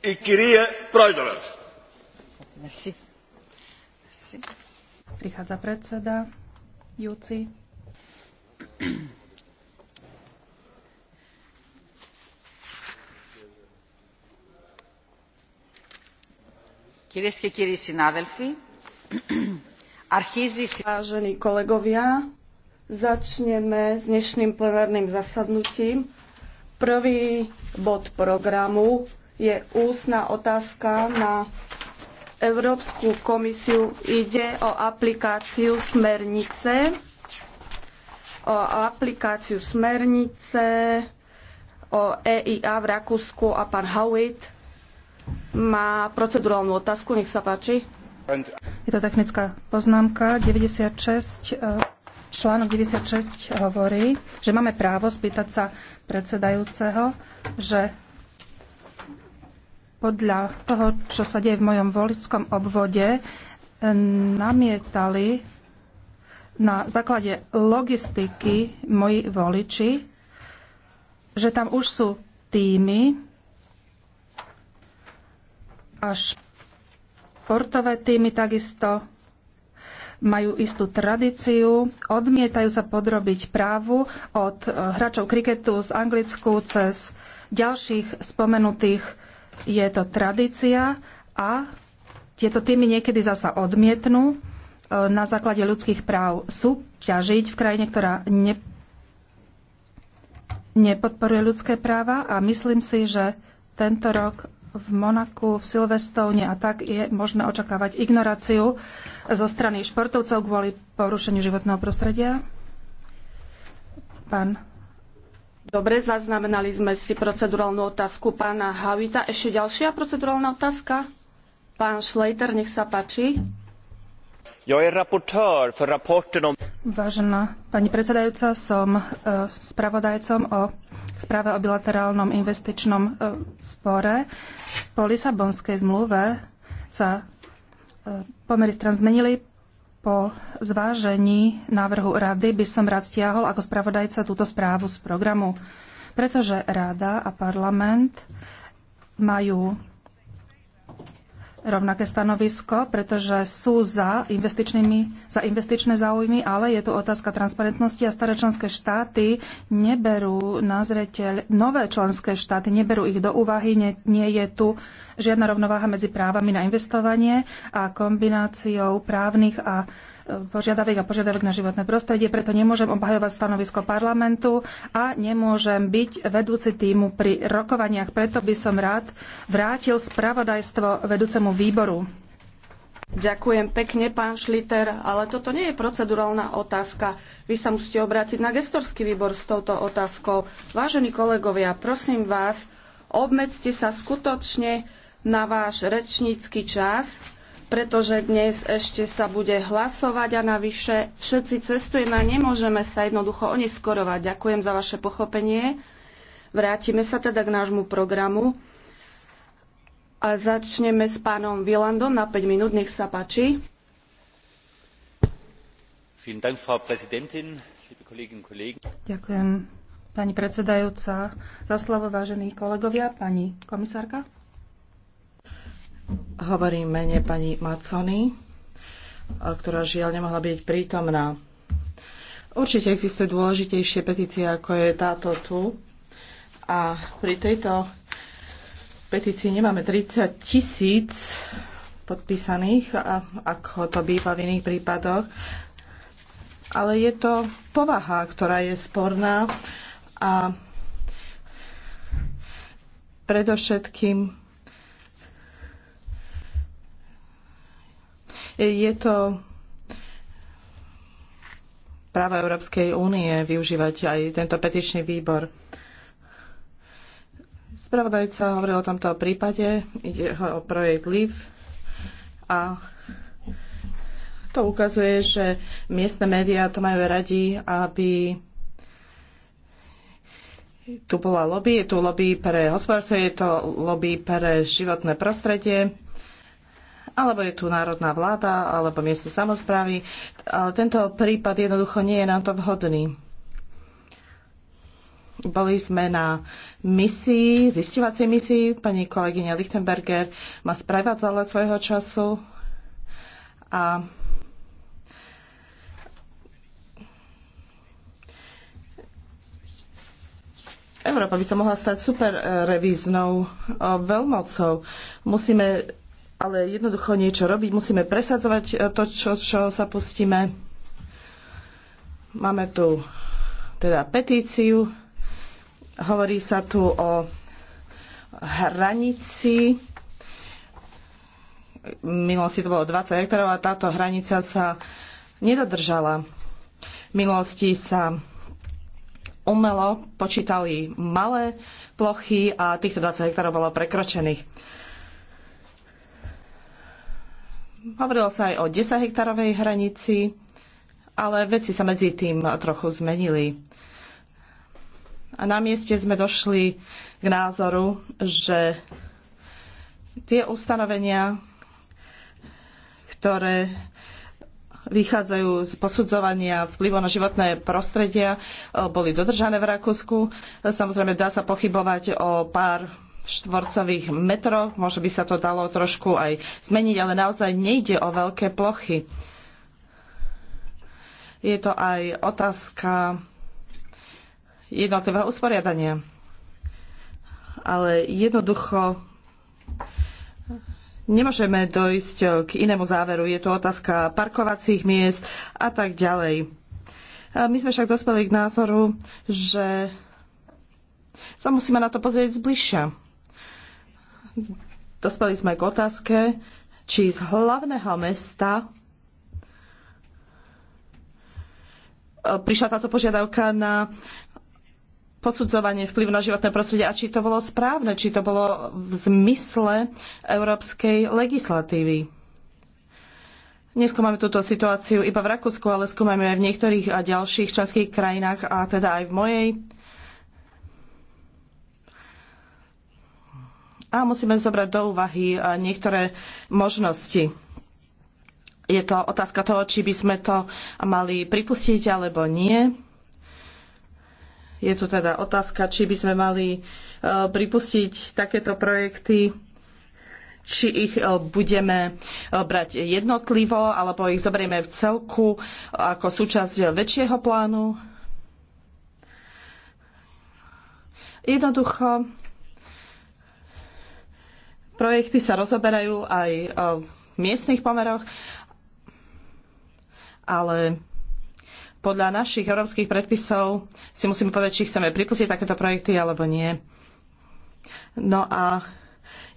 Η κυρία Πρόεδρος. Merci. Merci. Prichádza predseda Júci. Κυρίες και κύριοι συνάδελφοι, αρχίζει... Vážení kolegovia, Začneme s dnešným plenárnym zasadnutím. Prvý bod programu je ústna otázka na Európsku komisiu. Ide o aplikáciu smernice o aplikáciu smernice o EIA v Rakúsku a pán Howitt má procedurálnu otázku. Nech sa páči. Je to technická poznámka 96 Článok 96 hovorí, že máme právo spýtať sa predsedajúceho, že podľa toho, čo sa deje v mojom volickom obvode, namietali na základe logistiky moji voliči, že tam už sú týmy a športové týmy takisto majú istú tradíciu, odmietajú sa podrobiť právu od e, hráčov kriketu z Anglicku cez ďalších spomenutých. Je to tradícia a tieto týmy niekedy zasa odmietnú e, na základe ľudských práv súťažiť v krajine, ktorá ne, nepodporuje ľudské práva a myslím si, že tento rok v Monaku, v Silvestovne a tak je možné očakávať ignoráciu zo strany športovcov kvôli porušeniu životného prostredia? Pán. Dobre, zaznamenali sme si procedurálnu otázku pána Havita. Ešte ďalšia procedurálna otázka? Pán Schleiter, nech sa páči. Ja je rapportér Vážená pani predsedajúca, som eh, spravodajcom o správe o bilaterálnom investičnom e, spore. Po Lisabonskej zmluve sa e, pomery stran zmenili. Po zvážení návrhu rady by som rád stiahol ako spravodajca túto správu z programu, pretože rada a parlament majú rovnaké stanovisko, pretože sú za, investičnými, za investičné záujmy, ale je tu otázka transparentnosti a staré členské štáty neberú na zreteľ, nové členské štáty neberú ich do úvahy, nie, nie je tu žiadna rovnováha medzi právami na investovanie a kombináciou právnych a požiadaviek a požiadaviek na životné prostredie, preto nemôžem obhajovať stanovisko parlamentu a nemôžem byť vedúci týmu pri rokovaniach. Preto by som rád vrátil spravodajstvo vedúcemu výboru. Ďakujem pekne, pán Šliter, ale toto nie je procedurálna otázka. Vy sa musíte obrátiť na gestorský výbor s touto otázkou. Vážení kolegovia, prosím vás, obmedzte sa skutočne na váš rečnícky čas pretože dnes ešte sa bude hlasovať a navyše všetci cestujeme a nemôžeme sa jednoducho oneskorovať. Ďakujem za vaše pochopenie. Vrátime sa teda k nášmu programu a začneme s pánom Vilandom na 5 minút. Nech sa páči. Ďakujem, pani predsedajúca, za slovo, vážení kolegovia, pani komisárka. Hovorím mene pani Macony, e, ktorá žiaľ nemohla byť prítomná. Určite existuje dôležitejšie petície, ako je táto tu. A pri tejto petícii nemáme 30 tisíc podpísaných, ako to býva v iných prípadoch. Ale je to povaha, ktorá je sporná a predovšetkým Je to práva Európskej únie využívať aj tento petičný výbor. Spravodajca hovoril o tomto prípade, ide o projekt LIV a to ukazuje, že miestne médiá to majú radi, aby tu bola lobby, je tu lobby pre hospodárstvo, je to lobby pre životné prostredie alebo je tu národná vláda, alebo miesto samozprávy, ale tento prípad jednoducho nie je na to vhodný. Boli sme na misii, zistivacej misii. Pani kolegyňa Lichtenberger ma sprevádzala svojho času a Európa by sa mohla stať super revíznou eh, veľmocou. Musíme ale jednoducho niečo robiť. Musíme presadzovať e, to, čo, čo sa pustíme. Máme tu teda petíciu. Hovorí sa tu o hranici. Minulosti to bolo 20 hektárov a táto hranica sa nedodržala. V minulosti sa umelo počítali malé plochy a týchto 20 hektárov bolo prekročených. Hovorilo sa aj o 10 hektárovej hranici, ale veci sa medzi tým trochu zmenili. A na mieste sme došli k názoru, že tie ustanovenia, ktoré vychádzajú z posudzovania vplyvu na životné prostredia, boli dodržané v Rakúsku. Samozrejme, dá sa pochybovať o pár štvorcových metrov, Možno by sa to dalo trošku aj zmeniť, ale naozaj nejde o veľké plochy. Je to aj otázka jednotlivého usporiadania. Ale jednoducho nemôžeme dojsť k inému záveru. Je to otázka parkovacích miest a tak ďalej. My sme však dospeli k názoru, že sa musíme na to pozrieť zbližšia dospeli sme k otázke, či z hlavného mesta e, prišla táto požiadavka na posudzovanie vplyvu na životné prostredie a či to bolo správne, či to bolo v zmysle európskej legislatívy. Neskúmame túto situáciu iba v Rakúsku, ale skúmame aj v niektorých a ďalších členských krajinách a teda aj v mojej a musíme zobrať do úvahy e, niektoré možnosti. Je to otázka toho, či by sme to mali pripustiť alebo nie. Je tu teda otázka, či by sme mali e, pripustiť takéto projekty, či ich e, budeme brať jednotlivo, alebo ich zoberieme v celku ako súčasť väčšieho plánu. Jednoducho Projekty sa rozoberajú aj e, v miestnych pomeroch, ale podľa našich európskych predpisov si musíme povedať, či chceme pripustiť takéto projekty alebo nie. No a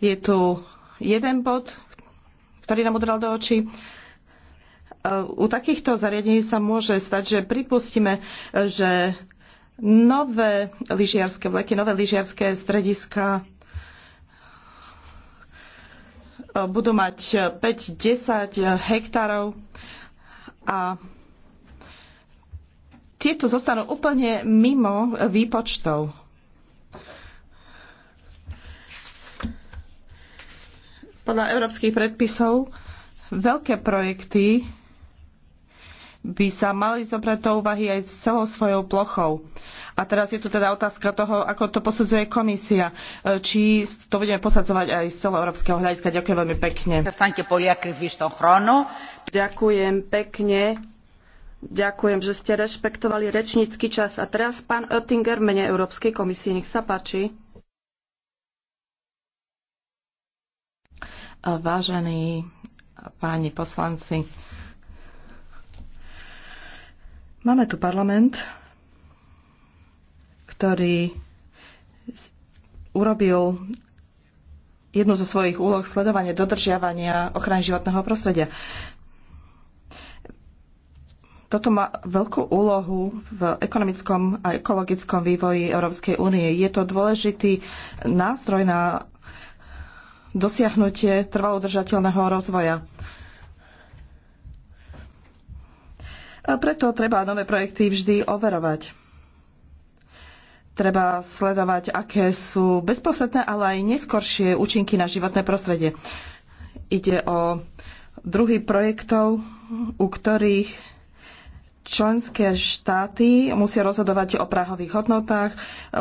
je tu jeden bod, ktorý nám udral do očí. E, u takýchto zariadení sa môže stať, že pripustíme, že nové lyžiarske vleky, nové lyžiarske strediska budú mať 5-10 hektárov a tieto zostanú úplne mimo výpočtov. Podľa európskych predpisov veľké projekty by sa mali zobrať do úvahy aj s celou svojou plochou. A teraz je tu teda otázka toho, ako to posudzuje komisia. E, či to budeme posadzovať aj z celoeurópskeho hľadiska. Ďakujem veľmi pekne. Ďakujem pekne. Ďakujem, že ste rešpektovali rečnícky čas. A teraz pán Oettinger, mene Európskej komisie, nech sa páči. Vážení páni poslanci, Máme tu parlament, ktorý urobil jednu zo svojich úloh sledovanie dodržiavania ochrany životného prostredia. Toto má veľkú úlohu v ekonomickom a ekologickom vývoji Európskej únie. Je to dôležitý nástroj na dosiahnutie trvalo udržateľného rozvoja. Preto treba nové projekty vždy overovať. Treba sledovať, aké sú bezprostredné, ale aj neskoršie účinky na životné prostredie. Ide o druhý projektov, u ktorých členské štáty musia rozhodovať o prahových hodnotách,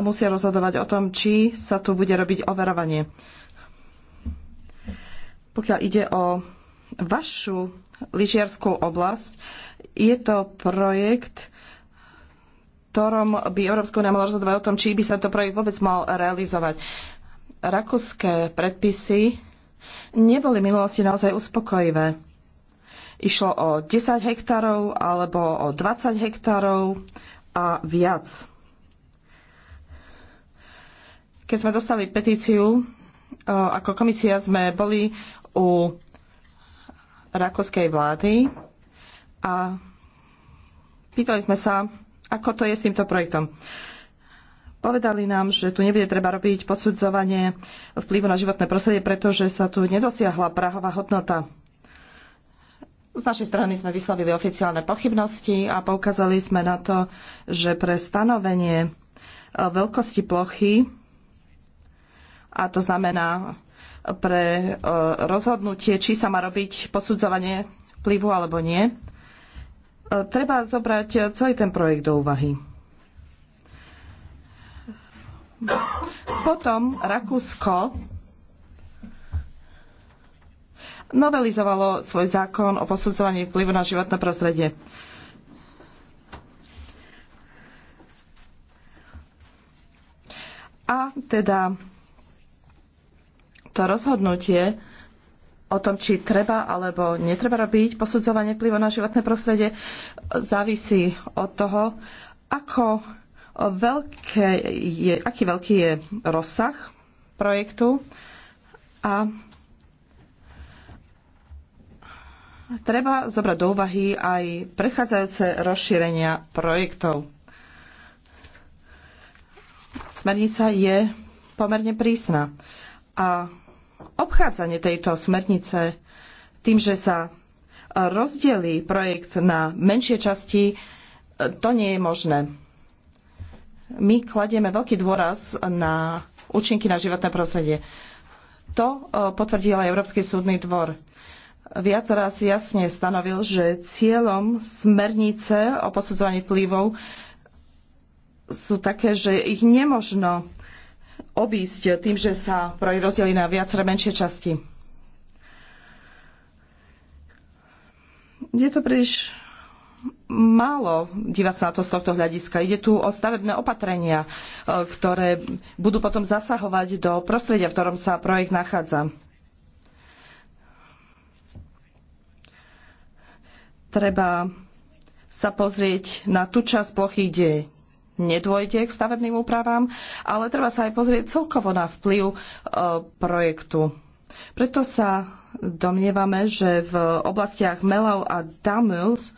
musia rozhodovať o tom, či sa tu bude robiť overovanie. Pokiaľ ide o vašu lyžiarskú oblasť, je to projekt, ktorom by Európska únia mala rozhodovať o tom, či by sa to projekt vôbec mal realizovať. Rakúske predpisy neboli v minulosti naozaj uspokojivé. Išlo o 10 hektárov alebo o 20 hektárov a viac. Keď sme dostali petíciu, ako komisia sme boli u rakúskej vlády a pýtali sme sa, ako to je s týmto projektom. Povedali nám, že tu nebude treba robiť posudzovanie vplyvu na životné prostredie, pretože sa tu nedosiahla prahová hodnota. Z našej strany sme vyslavili oficiálne pochybnosti a poukázali sme na to, že pre stanovenie e, veľkosti plochy, a to znamená e, pre e, rozhodnutie, či sa má robiť posudzovanie vplyvu alebo nie, treba zobrať celý ten projekt do úvahy. Potom Rakúsko novelizovalo svoj zákon o posudzovaní vplyvu na životné prostredie. A teda to rozhodnutie o tom, či treba alebo netreba robiť posudzovanie vplyvu na životné prostredie, závisí od toho, ako veľké je, aký veľký je rozsah projektu a treba zobrať do úvahy aj prechádzajúce rozšírenia projektov. Smernica je pomerne prísna a obchádzanie tejto smernice tým, že sa rozdelí projekt na menšie časti, to nie je možné. My kladieme veľký dôraz na účinky na životné prostredie. To e, potvrdil aj Európsky súdny dvor. Viac raz jasne stanovil, že cieľom smernice o posudzovaní vplyvov sú také, že ich nemožno obísť tým, že sa projekt rozdelí na viaceré menšie časti. Je to príliš málo dívať sa na to z tohto hľadiska. Ide tu o stavebné opatrenia, e, ktoré budú potom zasahovať do prostredia, v ktorom sa projekt nachádza. Treba sa pozrieť na tú časť plochy, kde nedôjde k stavebným úpravám, ale treba sa aj pozrieť celkovo na vplyv e, projektu. Preto sa domnievame, že v oblastiach Melau a Damuls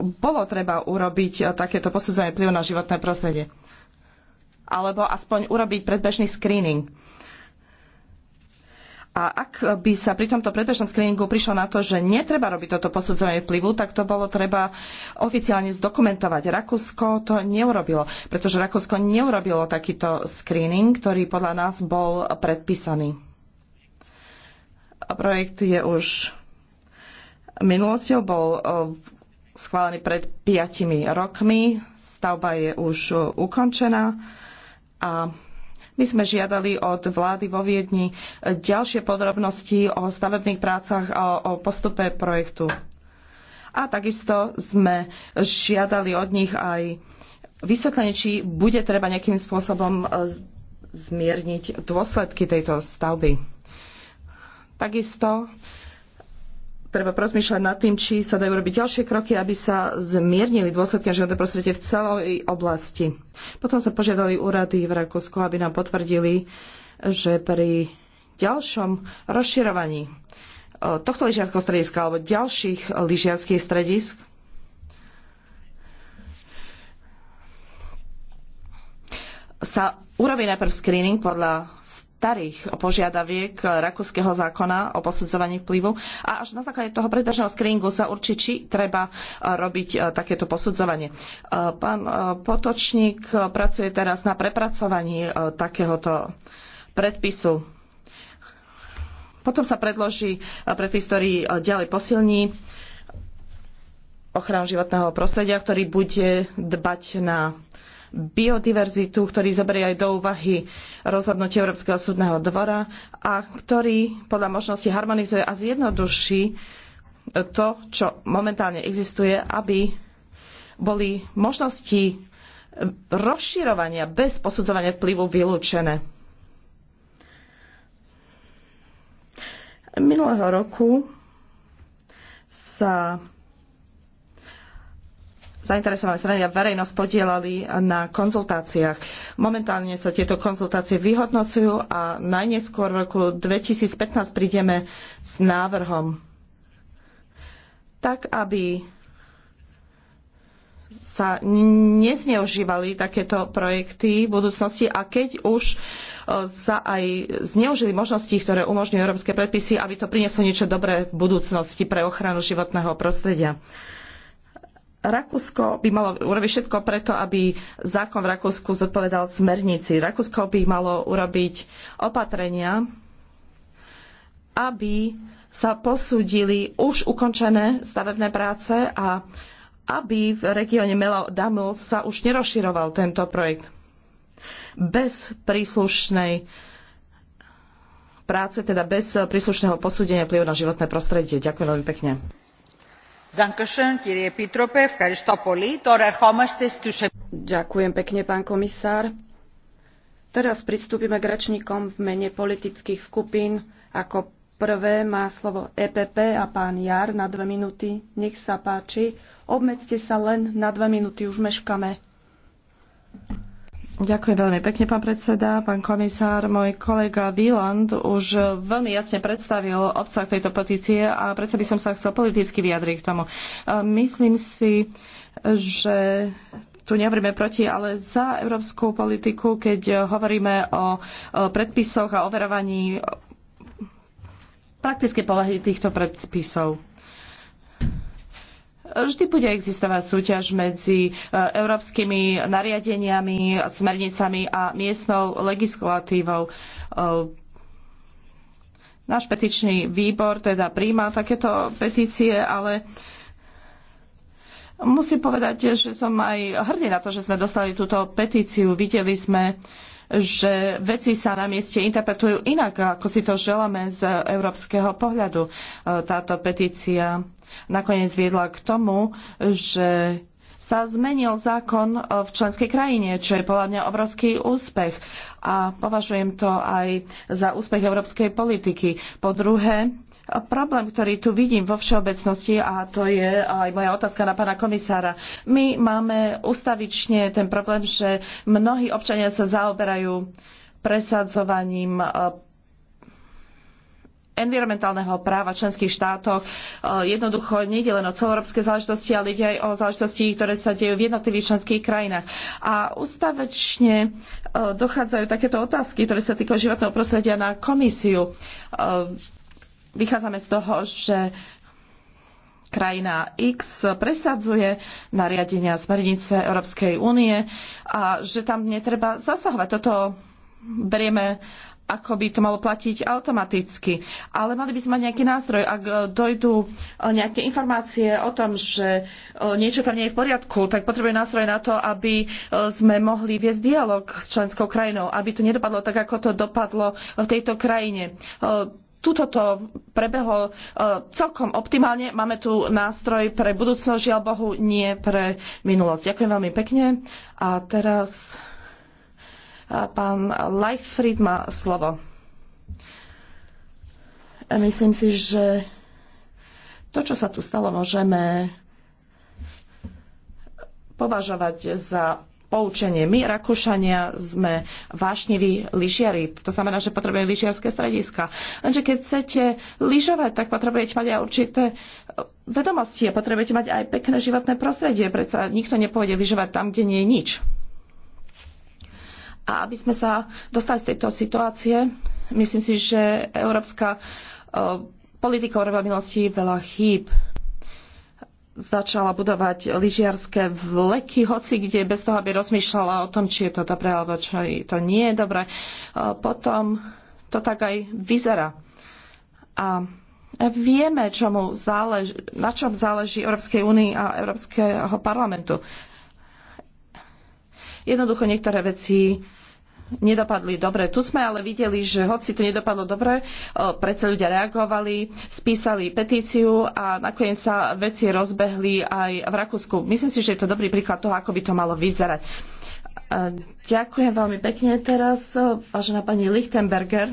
bolo treba urobiť e, takéto posudzenie vplyvu na životné prostredie. Alebo aspoň urobiť predbežný screening. A ak by sa pri tomto predbežnom screeningu prišlo na to, že netreba robiť toto posudzovanie vplyvu, tak to bolo treba oficiálne zdokumentovať. Rakúsko to neurobilo, pretože Rakúsko neurobilo takýto screening, ktorý podľa nás bol predpísaný. Projekt je už minulosťou, bol e, schválený pred piatimi rokmi, stavba je už ukončená a my sme žiadali od vlády vo Viedni ďalšie podrobnosti o stavebných prácach a o postupe projektu. A takisto sme žiadali od nich aj vysvetlenie, či bude treba nejakým spôsobom e, zmierniť dôsledky tejto stavby. Takisto treba rozmýšľať nad tým, či sa dajú robiť ďalšie kroky, aby sa zmiernili dôsledky na životné prostredie v celej oblasti. Potom sa požiadali úrady v Rakúsku, aby nám potvrdili, že pri ďalšom rozširovaní e, tohto lyžiarského strediska alebo ďalších lyžiarských stredisk sa urobí najprv screening podľa starých požiadaviek rakúskeho zákona o posudzovaní vplyvu a až na základe toho predbežného screeningu sa určí, či treba e, robiť e, takéto posudzovanie. E, pán Potočník pracuje teraz na prepracovaní takéhoto predpisu. Potom sa predloží predpis, ktorý ďalej posilní ochranu životného prostredia, ktorý bude dbať na biodiverzitu, ktorý zoberie aj do úvahy rozhodnutie Európskeho súdneho dvora a ktorý podľa možnosti harmonizuje a zjednoduší to, čo momentálne existuje, aby boli možnosti rozširovania bez posudzovania vplyvu vylúčené. Minulého roku sa zainteresované strany a verejnosť podielali na konzultáciách. Momentálne sa tieto konzultácie vyhodnocujú a najneskôr v roku 2015 prídeme s návrhom tak, aby sa nezneužívali takéto projekty v budúcnosti a keď už sa e, aj zneužili možnosti, ktoré umožňujú európske predpisy, aby to prinieslo niečo dobré v budúcnosti pre ochranu životného prostredia. Rakúsko by malo urobiť všetko preto, aby zákon v Rakúsku zodpovedal smernici. Rakúsko by malo urobiť opatrenia, aby sa posúdili už ukončené stavebné práce a aby v regióne Damu sa už nerozširoval tento projekt. Bez príslušnej práce, teda bez príslušného posúdenia vplyvu na životné prostredie. Ďakujem veľmi pekne. Ďakujem pekne, pán komisár. Teraz pristúpime k rečníkom v mene politických skupín. Ako prvé má slovo EPP a pán Jar na dve minúty. Nech sa páči. Obmedzte sa len na dve minúty, už meškame. Ďakujem veľmi pekne, pán predseda, pán komisár. Môj kolega Wieland už veľmi jasne predstavil obsah tejto petície a predsa by som sa chcel politicky vyjadriť k tomu. Myslím si, že tu nehovoríme proti, ale za európsku politiku, keď hovoríme o predpisoch a overovaní praktické povahy týchto predpisov vždy bude existovať súťaž medzi e, európskymi nariadeniami, smernicami a miestnou legislatívou. E, náš petičný výbor teda príjma takéto petície, ale musím povedať, že som aj hrdý na to, že sme dostali túto petíciu. Videli sme, že veci sa na mieste interpretujú inak, ako si to želáme z európskeho pohľadu. E, táto petícia nakoniec viedla k tomu, že sa zmenil zákon v členskej krajine, čo je podľa mňa obrovský úspech. A považujem to aj za úspech európskej politiky. Po druhé, problém, ktorý tu vidím vo všeobecnosti, a to je aj moja otázka na pána komisára. My máme ustavične ten problém, že mnohí občania sa zaoberajú presadzovaním eh, environmentálneho práva v členských štátoch. E, jednoducho nejde len o celoeurópske záležitosti, ale ide aj o záležitosti, ktoré sa dejú v jednotlivých členských krajinách. A ústavečne e, dochádzajú takéto otázky, ktoré sa týkajú životného prostredia na komisiu. E, vychádzame z toho, že krajina X presadzuje nariadenia smernice Európskej únie a že tam netreba zasahovať. Toto berieme ako by to malo platiť automaticky. Ale mali by sme mať nejaký nástroj. Ak e, dojdú e, nejaké informácie o tom, že e, niečo tam nie je v poriadku, tak potrebuje nástroj na to, aby sme mohli viesť dialog s členskou krajinou, aby to nedopadlo tak, ako to dopadlo v tejto krajine. Tuto to prebehlo celkom optimálne. Máme tu nástroj pre budúcnosť, žiaľ Bohu, nie pre minulosť. Ďakujem veľmi pekne. A teraz Pán Leifried má slovo. Myslím si, že to, čo sa tu stalo, môžeme považovať za poučenie. My, Rakúšania, sme vášniví lyžiari. To znamená, že potrebujeme lyžiarské strediska. Lenže keď chcete lyžovať, tak potrebujete mať aj určité vedomosti a potrebujete mať aj pekné životné prostredie. Predsa nikto nepôjde lyžovať tam, kde nie je nič. A aby sme sa dostali z tejto situácie, myslím si, že európska e, politika urobila v minulosti veľa chýb. Začala budovať lyžiarske vleky, hoci kde, bez toho, aby rozmýšľala o tom, či je to dobré, alebo čo to nie je dobré. E, potom to tak aj vyzerá. A vieme, čomu zálež- na čom záleží Európskej únii a Európskeho parlamentu. Jednoducho niektoré veci nedopadli dobre. Tu sme ale videli, že hoci to nedopadlo dobre, predsa ľudia reagovali, spísali petíciu a nakoniec sa veci rozbehli aj v Rakúsku. Myslím si, že je to dobrý príklad toho, ako by to malo vyzerať. Ďakujem veľmi pekne teraz, vážená pani Lichtenberger.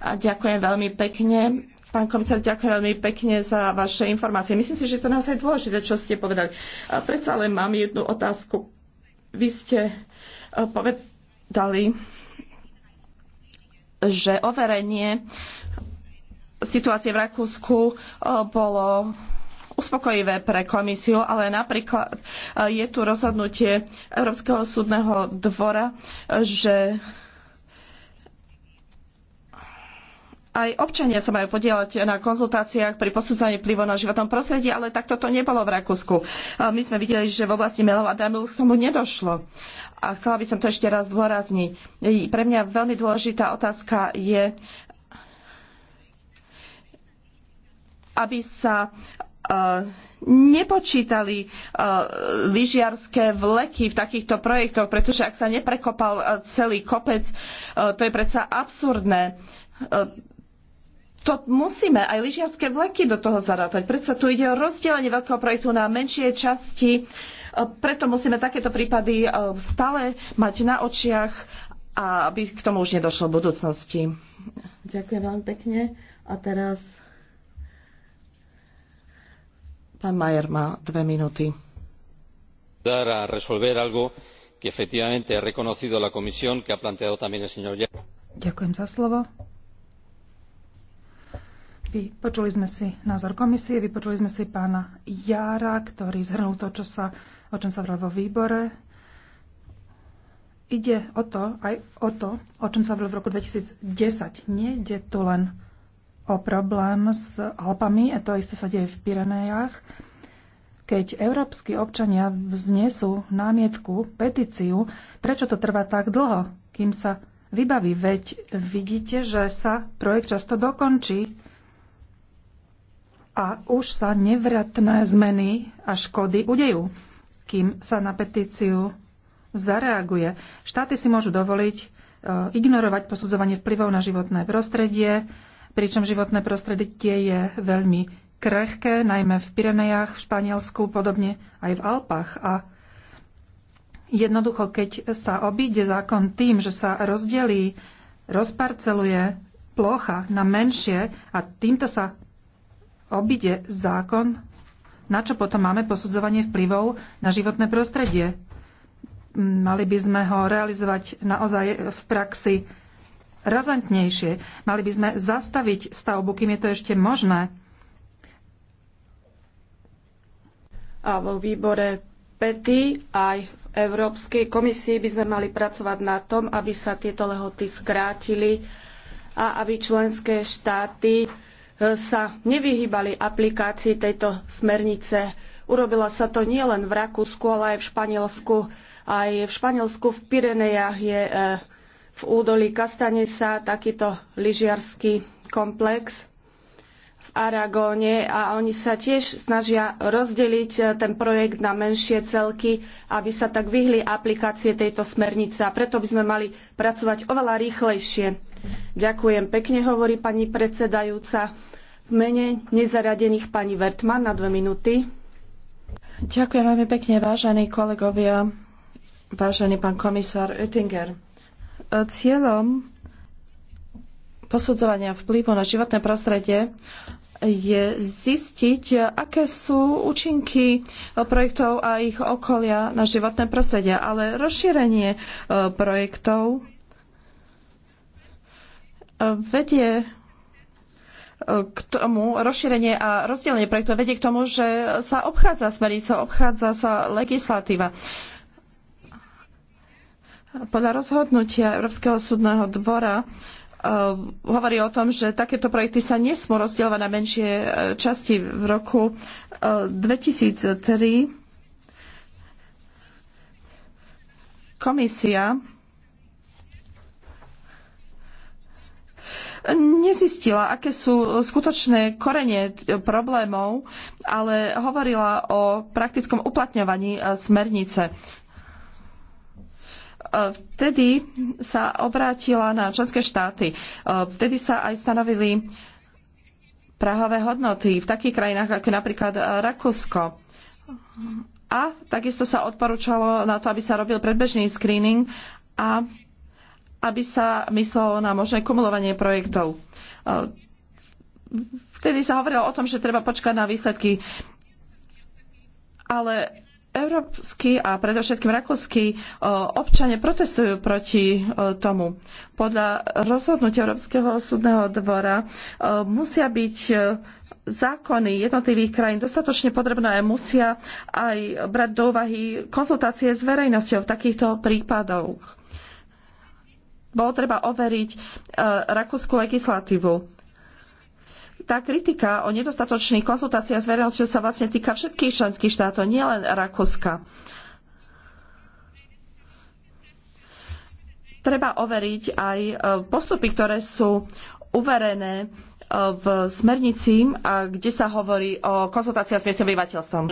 A ďakujem veľmi pekne. Pán komisár, ďakujem veľmi pekne za vaše informácie. Myslím si, že je to naozaj dôležité, čo ste povedali. A predsa len mám jednu otázku vy ste eh, povedali, že overenie situácie v Rakúsku eh, bolo uspokojivé pre komisiu, ale napríklad eh, je tu rozhodnutie Európskeho súdneho dvora, že aj občania sa majú podielať na konzultáciách pri posudzovaní vplyvu na životnom prostredí, ale takto to nebolo v Rakúsku. My sme videli, že v oblasti melov a damilus k tomu nedošlo. A chcela by som to ešte raz dôrazniť. Pre mňa veľmi dôležitá otázka je, aby sa e, nepočítali uh, e, lyžiarské vleky v takýchto projektoch, pretože ak sa neprekopal e, celý kopec, uh, to je predsa absurdné. Uh, to musíme aj lyžiarske vleky do toho zarátať. Predsa tu ide o rozdelenie veľkého projektu na menšie časti, e, preto musíme takéto prípady e, stále mať na očiach a aby k tomu už nedošlo v budúcnosti. Ďakujem veľmi pekne. A teraz pán Majer má dve minúty. Dar a resolver algo que efectivamente ha reconocido la comisión que ha planteado también el señor Ďakujem za slovo Vypočuli sme si názor komisie, vypočuli sme si pána Jára, ktorý zhrnul to, čo sa, o čom sa hovorilo vo výbore. Ide o to, aj o to, o čom sa hovorilo v roku 2010. Nejde tu len o problém s Alpami, a to isté sa deje v Pirenejach. Keď európsky občania vznesú námietku, petíciu, prečo to trvá tak dlho, kým sa vybaví? Veď vidíte, že sa projekt často dokončí a už sa nevratné zmeny a škody udejú, kým sa na petíciu zareaguje. Štáty si môžu dovoliť e, ignorovať posudzovanie vplyvov na životné prostredie, pričom životné prostredie je veľmi krehké, najmä v Pirenejach, v Španielsku, podobne aj v Alpách. A jednoducho, keď sa obíde zákon tým, že sa rozdelí, rozparceluje plocha na menšie a týmto sa obide zákon, na čo potom máme posudzovanie vplyvov na životné prostredie? Mali by sme ho realizovať naozaj v praxi razantnejšie. Mali by sme zastaviť stavbu, kým je to ešte možné. A vo výbore PETI aj v Európskej komisii by sme mali pracovať na tom, aby sa tieto lehoty skrátili a aby členské štáty sa nevyhýbali aplikácii tejto smernice. Urobilo sa to nielen v Rakúsku, ale aj v Španielsku. Aj v Španielsku v Pirenejach je e, v údolí Kastanesa takýto lyžiarsky komplex v Aragóne a oni sa tiež snažia rozdeliť e, ten projekt na menšie celky, aby sa tak vyhli aplikácie tejto smernice a preto by sme mali pracovať oveľa rýchlejšie. Ďakujem pekne, hovorí pani predsedajúca. V mene nezaradených pani Vertman na dve minúty. Ďakujem veľmi pekne, vážení kolegovia, vážený pán komisár Oettinger. Cieľom posudzovania vplyvu na životné prostredie je zistiť, aké sú účinky projektov a ich okolia na životné prostredie. Ale rozšírenie e, projektov vedie k tomu rozšírenie a rozdelenie projektu vedie k tomu, že sa obchádza smernica, obchádza sa legislatíva. Podľa rozhodnutia Európskeho súdneho dvora e, hovorí o tom, že takéto projekty sa nesmú rozdielovať na menšie e, časti. V roku 2003 e, komisia nezistila, aké sú skutočné korene problémov, ale hovorila o praktickom uplatňovaní e, smernice e, vtedy sa obrátila na členské štáty. E, vtedy sa aj stanovili prahové hodnoty v takých krajinách ako napríklad Rakúsko. A takisto sa odporúčalo na to, aby sa robil predbežný screening a aby sa myslelo na možné kumulovanie projektov. Vtedy sa hovorilo o tom, že treba počkať na výsledky, ale európsky a predovšetkým rakúsky občania protestujú proti tomu. Podľa rozhodnutia Európskeho súdneho dvora musia byť zákony jednotlivých krajín dostatočne podrobné musia aj brať do úvahy konzultácie s verejnosťou v takýchto prípadoch bolo treba overiť e, rakúsku legislatívu tá kritika o nedostatočných konzultáciách s verejnosťou sa vlastne týka všetkých členských štátov, nielen Rakúska. Treba overiť aj e, postupy, ktoré sú uverené e, v smernici, kde sa hovorí o konzultáciách s miestnym obyvateľstvom.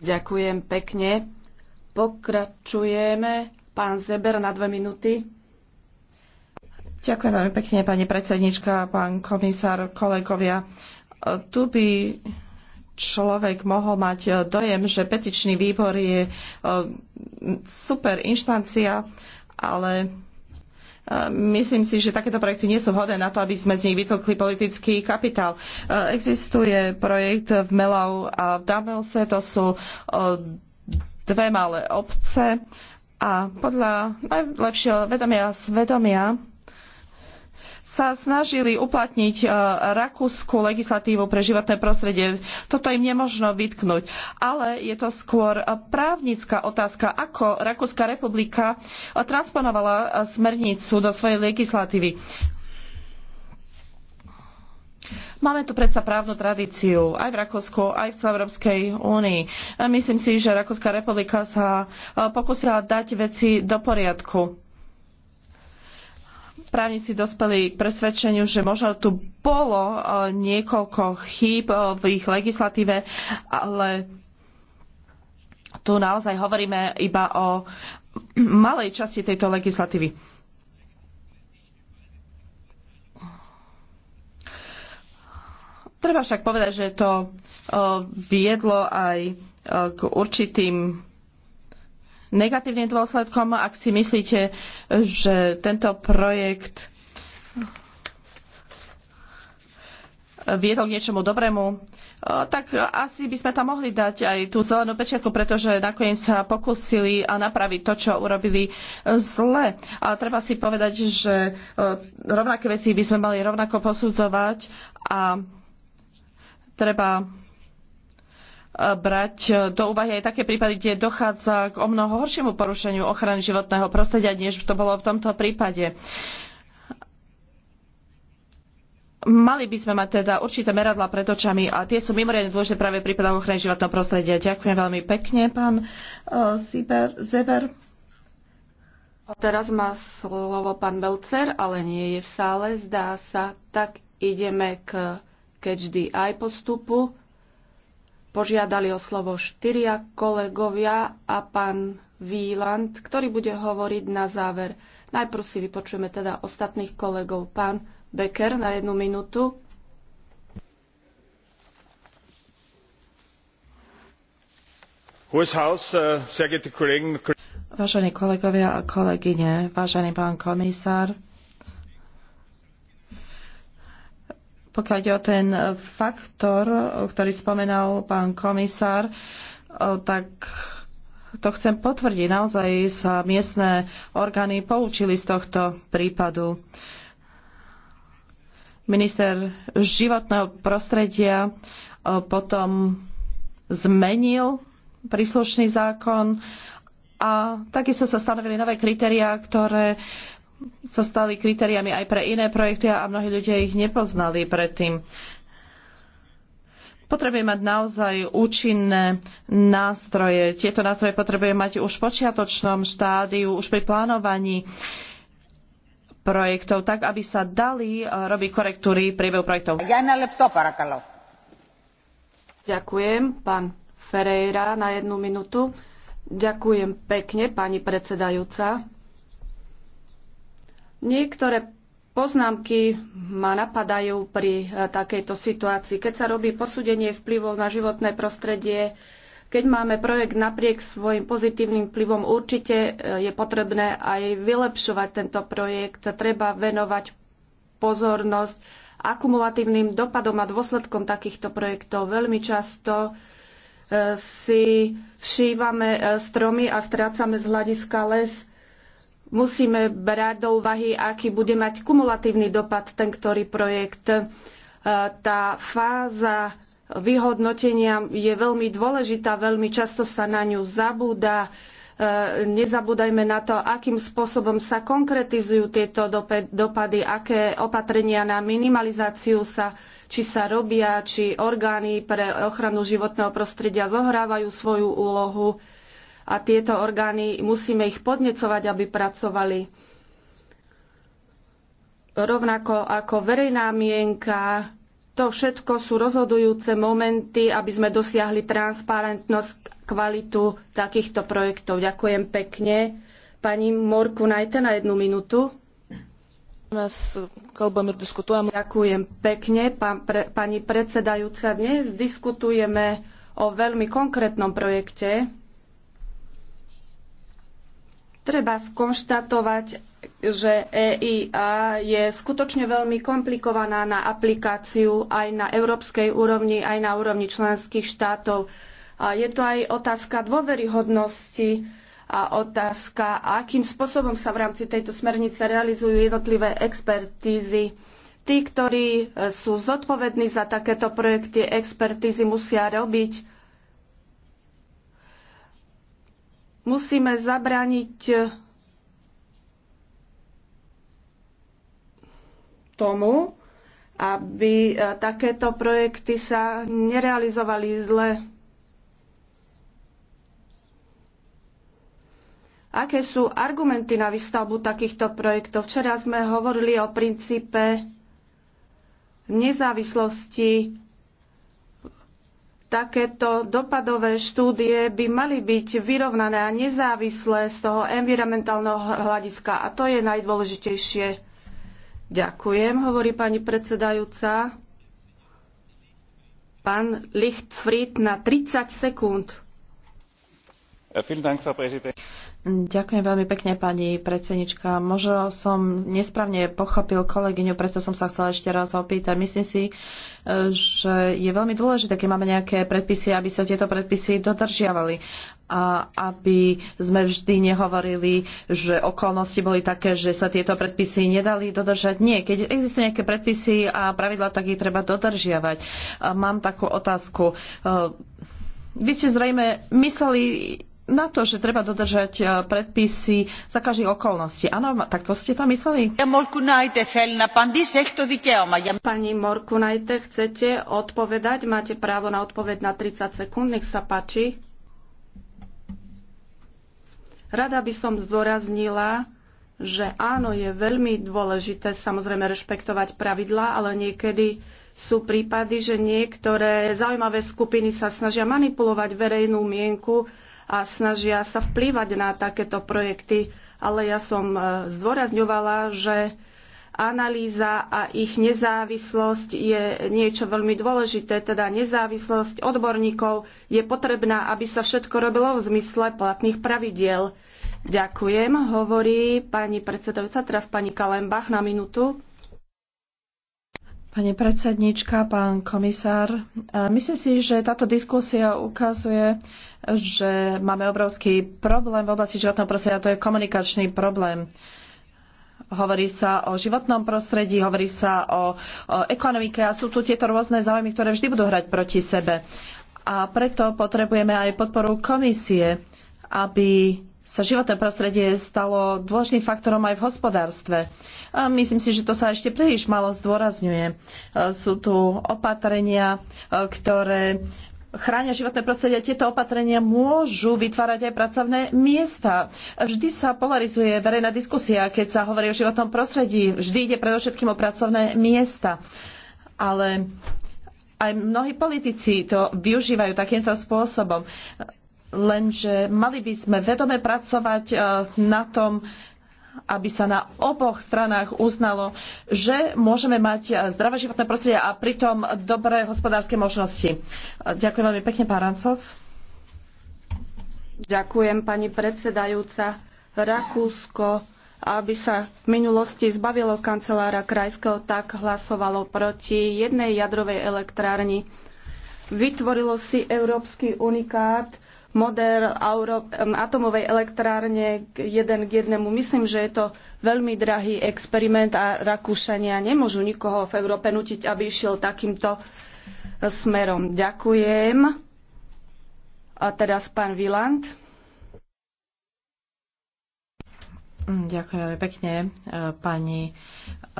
Ďakujem pekne. Pokračujeme Pán Zeber na dve minúty. Ďakujem veľmi pekne, pani predsednička, pán komisár, kolegovia. Tu by človek mohol mať dojem, že petičný výbor je e, super inštancia, ale e, Myslím si, že takéto projekty nie sú vhodné na to, aby sme z nich vytlkli politický kapitál. E, existuje projekt v Melau a v Damelse, to sú dve malé obce, a podľa najlepšieho vedomia a svedomia sa snažili uplatniť e, rakúsku legislatívu pre životné prostredie. Toto im nemožno vytknúť. Ale je to skôr právnická otázka, ako Rakúska republika transponovala e, smernicu do svojej legislatívy. Máme tu predsa právnu tradíciu aj v Rakúsku, aj v Európskej únii. Myslím si, že Rakúska republika sa e, pokusila dať veci do poriadku. Právnici dospeli k presvedčeniu, že možno tu bolo e, niekoľko chýb e, v ich legislatíve, ale tu naozaj hovoríme iba o malej časti tejto legislatívy Treba však povedať, že to e, viedlo aj e, k určitým negatívnym dôsledkom, ak si myslíte, že tento projekt viedol k niečomu dobrému, e, tak asi by sme tam mohli dať aj tú zelenú pečiatku, pretože nakoniec sa pokúsili a napraviť to, čo urobili zle. A treba si povedať, že rovnaké veci by sme mali rovnako posudzovať a treba eh, brať eh, do úvahy aj také prípady, kde dochádza k o mnoho horšiemu porušeniu ochrany životného prostredia, než to bolo v tomto prípade. Mali by sme mať teda určité meradla pred očami a tie sú mimoriadne dôležité práve v prípadoch ochrany životného prostredia. Ďakujem veľmi pekne, pán eh, Siber, Zeber. A teraz má slovo pán Belcer, ale nie je v sále, zdá sa. Tak ideme k keď vždy aj postupu. Požiadali o slovo štyria kolegovia a pán Výland, ktorý bude hovoriť na záver. Najprv si vypočujeme teda ostatných kolegov. Pán Becker na jednu minútu. Uh, Vážení kolegovia a kolegyne, vážený pán komisár, Pokiaľ ide o ten faktor, ktorý spomenal pán komisár, tak to chcem potvrdiť. Naozaj sa miestne orgány poučili z tohto prípadu. Minister životného prostredia potom zmenil príslušný zákon a takisto sa stanovili nové kritériá, ktoré sa stali kritériami aj pre iné projekty a mnohí ľudia ich nepoznali predtým. Potrebuje mať naozaj účinné nástroje. Tieto nástroje potrebuje mať už v počiatočnom štádiu, už pri plánovaní projektov, tak aby sa dali eh, robiť korektúry priebehu projektov. Ďakujem, pán Ferreira, na jednu minútu. Ďakujem pekne, pani predsedajúca. Niektoré poznámky ma napadajú pri e, takejto situácii. Keď sa robí posúdenie vplyvov na životné prostredie, keď máme projekt napriek svojim pozitívnym vplyvom, určite e, je potrebné aj vylepšovať tento projekt. Treba venovať pozornosť akumulatívnym dopadom a dôsledkom takýchto projektov. Veľmi často e, si všívame stromy a strácame z hľadiska les musíme brať do úvahy, aký bude mať kumulatívny dopad ten, ktorý projekt. E, tá fáza vyhodnotenia je veľmi dôležitá, veľmi často sa na ňu zabúda. E, nezabúdajme na to, akým spôsobom sa konkretizujú tieto dopady, aké opatrenia na minimalizáciu sa či sa robia, či orgány pre ochranu životného prostredia zohrávajú svoju úlohu a tieto orgány musíme ich podnecovať, aby pracovali. Rovnako ako verejná mienka, to všetko sú rozhodujúce momenty, aby sme dosiahli transparentnosť, kvalitu takýchto projektov. Ďakujem pekne. Pani Morku, najte na jednu minútu. Ďakujem pekne, pán, pre, pani predsedajúca. Dnes diskutujeme o veľmi konkrétnom projekte, Treba skonštatovať, že EIA je skutočne veľmi komplikovaná na aplikáciu aj na európskej úrovni, aj na úrovni členských štátov. A je to aj otázka dôveryhodnosti a otázka, akým spôsobom sa v rámci tejto smernice realizujú jednotlivé expertízy. Tí, ktorí sú zodpovední za takéto projekty, expertízy musia robiť Musíme zabrániť eh, tomu, aby eh, takéto projekty sa nerealizovali zle. Aké sú argumenty na výstavbu takýchto projektov? Včera sme hovorili o princípe nezávislosti takéto dopadové štúdie by mali byť vyrovnané a nezávislé z toho environmentálneho hľadiska. A to je najdôležitejšie. Ďakujem, hovorí pani predsedajúca. Pán Lichtfried na 30 sekúnd. Ja, Ďakujem veľmi pekne, pani predsednička. Možno som nesprávne pochopil kolegyňu, preto som sa chcela ešte raz opýtať. Myslím si, že je veľmi dôležité, keď máme nejaké predpisy, aby sa tieto predpisy dodržiavali a aby sme vždy nehovorili, že okolnosti boli také, že sa tieto predpisy nedali dodržať. Nie, keď existujú nejaké predpisy a pravidla, tak ich treba dodržiavať. Mám takú otázku. Vy ste zrejme mysleli na to, že treba dodržať e, predpisy za každých okolností. Áno, tak to ste to mysleli? Pani Morkunajte, chcete odpovedať? Máte právo na odpoveď na 30 sekúnd, nech sa páči. Rada by som zdôraznila, že áno, je veľmi dôležité samozrejme rešpektovať pravidlá, ale niekedy sú prípady, že niektoré zaujímavé skupiny sa snažia manipulovať verejnú mienku a snažia sa vplývať na takéto projekty, ale ja som e, zdôrazňovala, že analýza a ich nezávislosť je niečo veľmi dôležité, teda nezávislosť odborníkov je potrebná, aby sa všetko robilo v zmysle platných pravidiel. Ďakujem, hovorí pani predsedovca, teraz pani Kalembach na minútu. Pani predsednička, pán komisár, e, myslím si, že táto diskusia ukazuje, že máme obrovský problém v oblasti životného prostredia, to je komunikačný problém. Hovorí sa o životnom prostredí, hovorí sa o, o ekonomike a sú tu tieto rôzne záujmy, ktoré vždy budú hrať proti sebe. A preto potrebujeme aj podporu komisie, aby sa životné prostredie stalo dôležitým faktorom aj v hospodárstve. A myslím si, že to sa ešte príliš malo zdôrazňuje. Sú tu opatrenia, ktoré chránia životné prostredie, tieto opatrenia môžu vytvárať aj pracovné miesta. Vždy sa polarizuje verejná diskusia, keď sa hovorí o životnom prostredí. Vždy ide predovšetkým o pracovné miesta. Ale aj mnohí politici to využívajú takýmto spôsobom. Lenže mali by sme vedome pracovať eh, na tom, aby sa na oboch stranách uznalo, že môžeme mať zdravé životné prostredie a pritom dobré hospodárske možnosti. Ďakujem veľmi pekne, pán Rancov. Ďakujem, pani predsedajúca. Rakúsko, aby sa v minulosti zbavilo kancelára krajského, tak hlasovalo proti jednej jadrovej elektrárni. Vytvorilo si európsky unikát, model atomovej elektrárne jeden k jednému. Myslím, že je to veľmi drahý experiment a Rakúšania nemôžu nikoho v Európe nutiť, aby išiel takýmto e, smerom. Ďakujem. A teraz pán Viland. Mm, ďakujem veľmi pekne, e, pani e,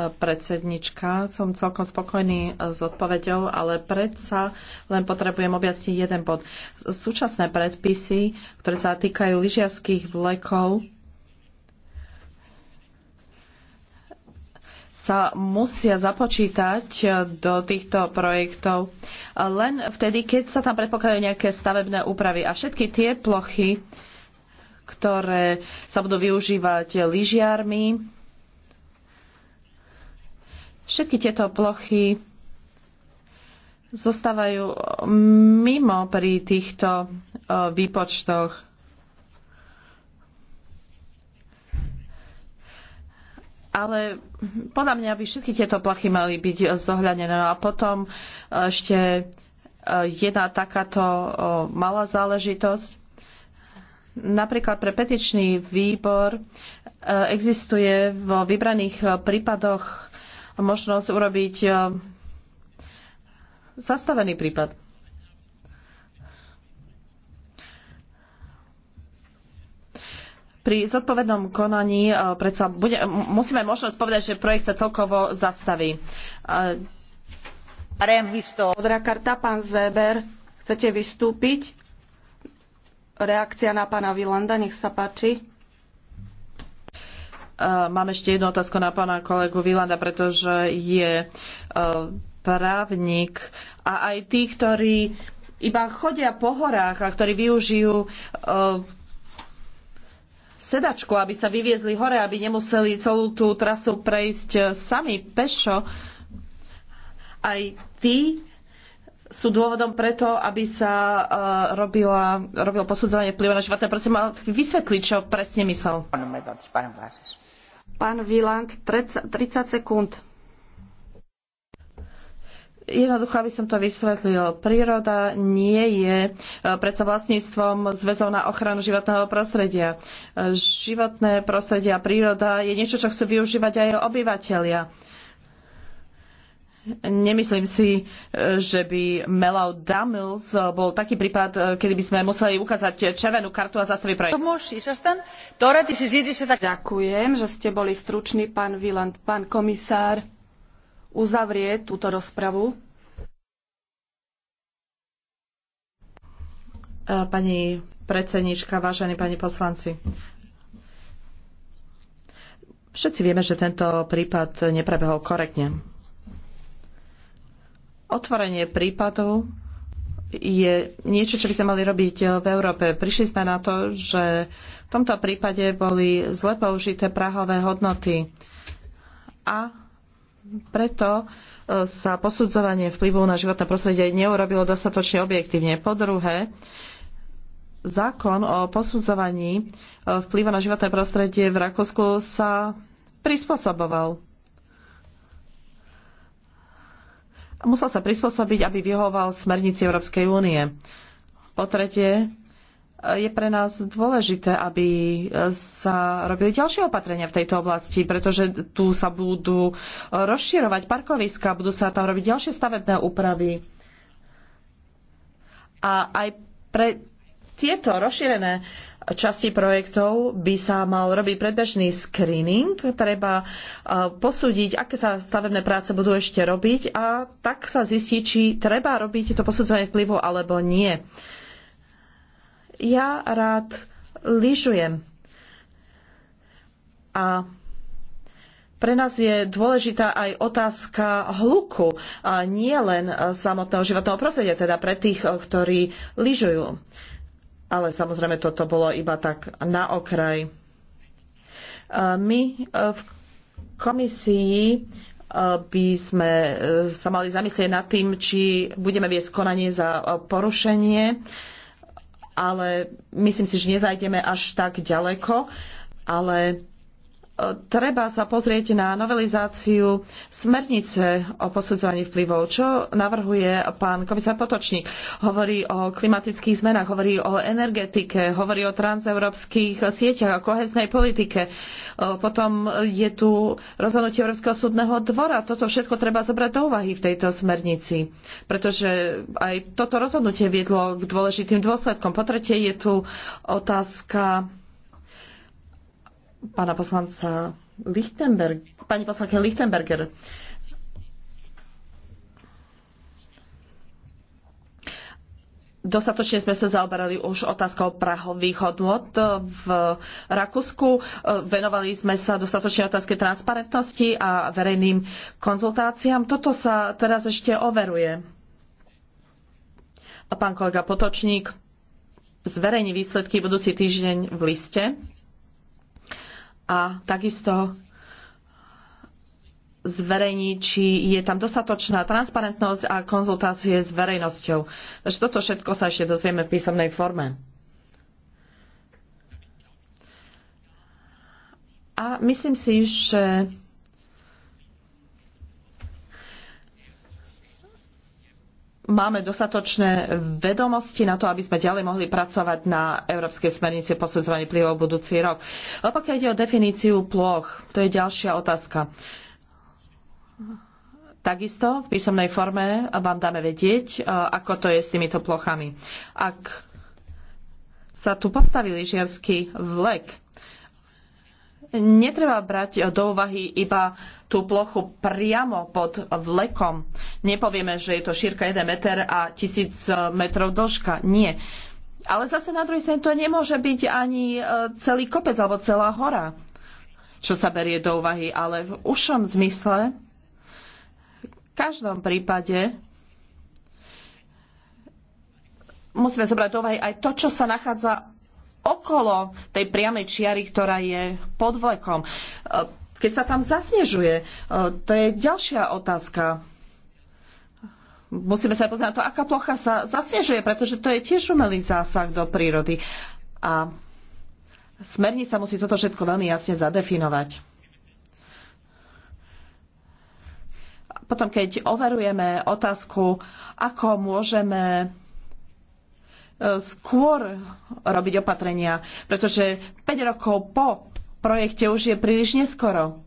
predsednička. Som celkom spokojný e, s odpoveďou, ale predsa len potrebujem objasniť jeden bod. Súčasné predpisy, ktoré sa týkajú lyžiarských vlekov, sa musia započítať do týchto projektov len vtedy, keď sa tam predpokladajú nejaké stavebné úpravy. A všetky tie plochy, ktoré sa budú využívať lyžiarmi. Všetky tieto plochy zostávajú mimo pri týchto e, výpočtoch. Ale podľa mňa by všetky tieto plachy mali byť zohľadené. No a potom ešte e, jedna takáto e, malá záležitosť. Napríklad pre petičný výbor e, existuje vo vybraných e, prípadoch možnosť urobiť e, zastavený prípad. Pri zodpovednom konaní predsa bude, musíme možnosť povedať, že projekt sa celkovo zastaví. Modrá karta, pán Zeber, chcete vystúpiť? reakcia na pána Vilanda, nech sa páči. Mám ešte jednu otázku na pána kolegu Vilanda, pretože je e, právnik a aj tí, ktorí iba chodia po horách a ktorí využijú e, sedačku, aby sa vyviezli hore, aby nemuseli celú tú trasu prejsť sami pešo, aj tí sú dôvodom preto, aby sa eh, robila, robilo posudzovanie vplyvu na životné prostredie. Mal vysvetliť, čo presne myslel. Pán Viland, 30, 30 sekúnd. Jednoducho, aby som to vysvetlil, príroda nie je eh, predsa vlastníctvom zväzov na ochranu životného prostredia. Eh, životné prostredie a príroda je niečo, čo chcú využívať aj obyvateľia Nemyslím si, e, že by Melau Damils e, bol taký prípad, e, kedy by sme museli ukázať červenú kartu a zastaviť projekt. Ďakujem, že ste boli stručný, pán Viland. Pán komisár uzavrie túto rozpravu. Pani predsednička, vážení pani poslanci. Všetci vieme, že tento prípad neprebehol korektne otvorenie prípadov je niečo, čo by sme mali robiť v Európe. Prišli sme na to, že v tomto prípade boli zle použité prahové hodnoty a preto e, sa posudzovanie vplyvu na životné prostredie neurobilo dostatočne objektívne. Po druhé, zákon o posudzovaní e, vplyvu na životné prostredie v Rakúsku sa prispôsoboval musel sa prispôsobiť, aby vyhoval smernici Európskej únie. Po tretie, je pre nás dôležité, aby sa robili ďalšie opatrenia v tejto oblasti, pretože tu sa budú rozširovať parkoviska, budú sa tam robiť ďalšie stavebné úpravy. A aj pre tieto rozšírené časti projektov by sa mal robiť predbežný screening. Treba e, posúdiť, aké sa stavebné práce budú ešte robiť a tak sa zistí, či treba robiť to posudzovanie vplyvu alebo nie. Ja rád lyžujem a pre nás je dôležitá aj otázka hluku, a nie len samotného životného prostredia, teda pre tých, e, ktorí lyžujú ale samozrejme toto bolo iba tak na okraj. E, my e, v komisii e, by sme sa mali zamyslieť nad tým, či budeme viesť konanie za porušenie, ale myslím si, že nezajdeme až tak ďaleko, ale treba sa pozrieť na novelizáciu smernice o posudzovaní vplyvov, čo navrhuje pán komisár Potočník. Hovorí o klimatických zmenách, hovorí o energetike, hovorí o transeurópskych sieťach, o koheznej politike. Potom je tu rozhodnutie Európskeho súdneho dvora. Toto všetko treba zobrať do úvahy v tejto smernici, pretože aj toto rozhodnutie viedlo k dôležitým dôsledkom. Po tretie je tu otázka pána poslanca Lichtenberg, pani poslanke Lichtenberger. Dostatočne sme sa zaoberali už otázkou prahových hodnot v Rakúsku. Venovali sme sa dostatočne otázke transparentnosti a verejným konzultáciám. Toto sa teraz ešte overuje. A pán kolega Potočník zverejní výsledky budúci týždeň v liste a takisto zverejní, či je tam dostatočná transparentnosť a konzultácie s verejnosťou. Takže toto všetko sa ešte dozvieme v písomnej forme. A myslím si, že máme dostatočné vedomosti na to, aby sme ďalej mohli pracovať na Európskej smernici posudzovaní vplyvov budúci rok. Ale pokiaľ ide o definíciu ploch, to je ďalšia otázka. Takisto v písomnej forme vám dáme vedieť, e, ako to je s týmito plochami. Ak sa tu postavili žiarsky vlek, netreba brať do úvahy iba tú plochu priamo pod vlekom. Nepovieme, že je to šírka 1 meter a 1000 metrov dĺžka. Nie. Ale zase na druhej strane to nemôže byť ani e, celý kopec alebo celá hora, čo sa berie do úvahy. Ale v ušom zmysle, v každom prípade, musíme zobrať do úvahy aj to, čo sa nachádza okolo tej priamej čiary, ktorá je pod vlekom. E, keď sa tam zasnežuje, e, to je ďalšia otázka. Musíme sa pozrieť na to, aká plocha sa zasnežuje, pretože to je tiež umelý zásah do prírody. A smerni sa musí toto všetko veľmi jasne zadefinovať. Potom, keď overujeme otázku, ako môžeme E, skôr robiť opatrenia, pretože 5 rokov po projekte už je príliš neskoro.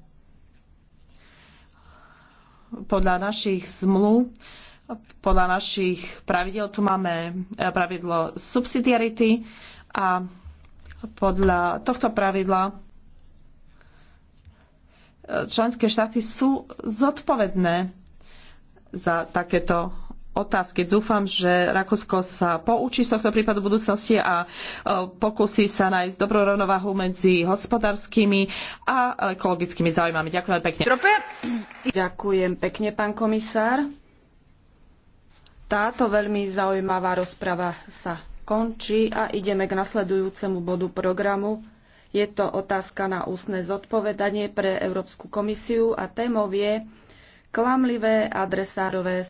Podľa našich zmluv, podľa našich pravidel tu máme e, pravidlo subsidiarity a podľa tohto pravidla e, členské štáty sú zodpovedné za takéto otázky. Dúfam, že Rakúsko sa poučí z tohto prípadu budúcnosti a e, pokusí sa nájsť dobrú rovnovahu medzi hospodárskymi a ekologickými záujmami. Ďakujem pekne. Ďakujem pekne, pán komisár. Táto veľmi zaujímavá rozprava sa končí a ideme k nasledujúcemu bodu programu. Je to otázka na ústne zodpovedanie pre Európsku komisiu a témov je klamlivé adresárové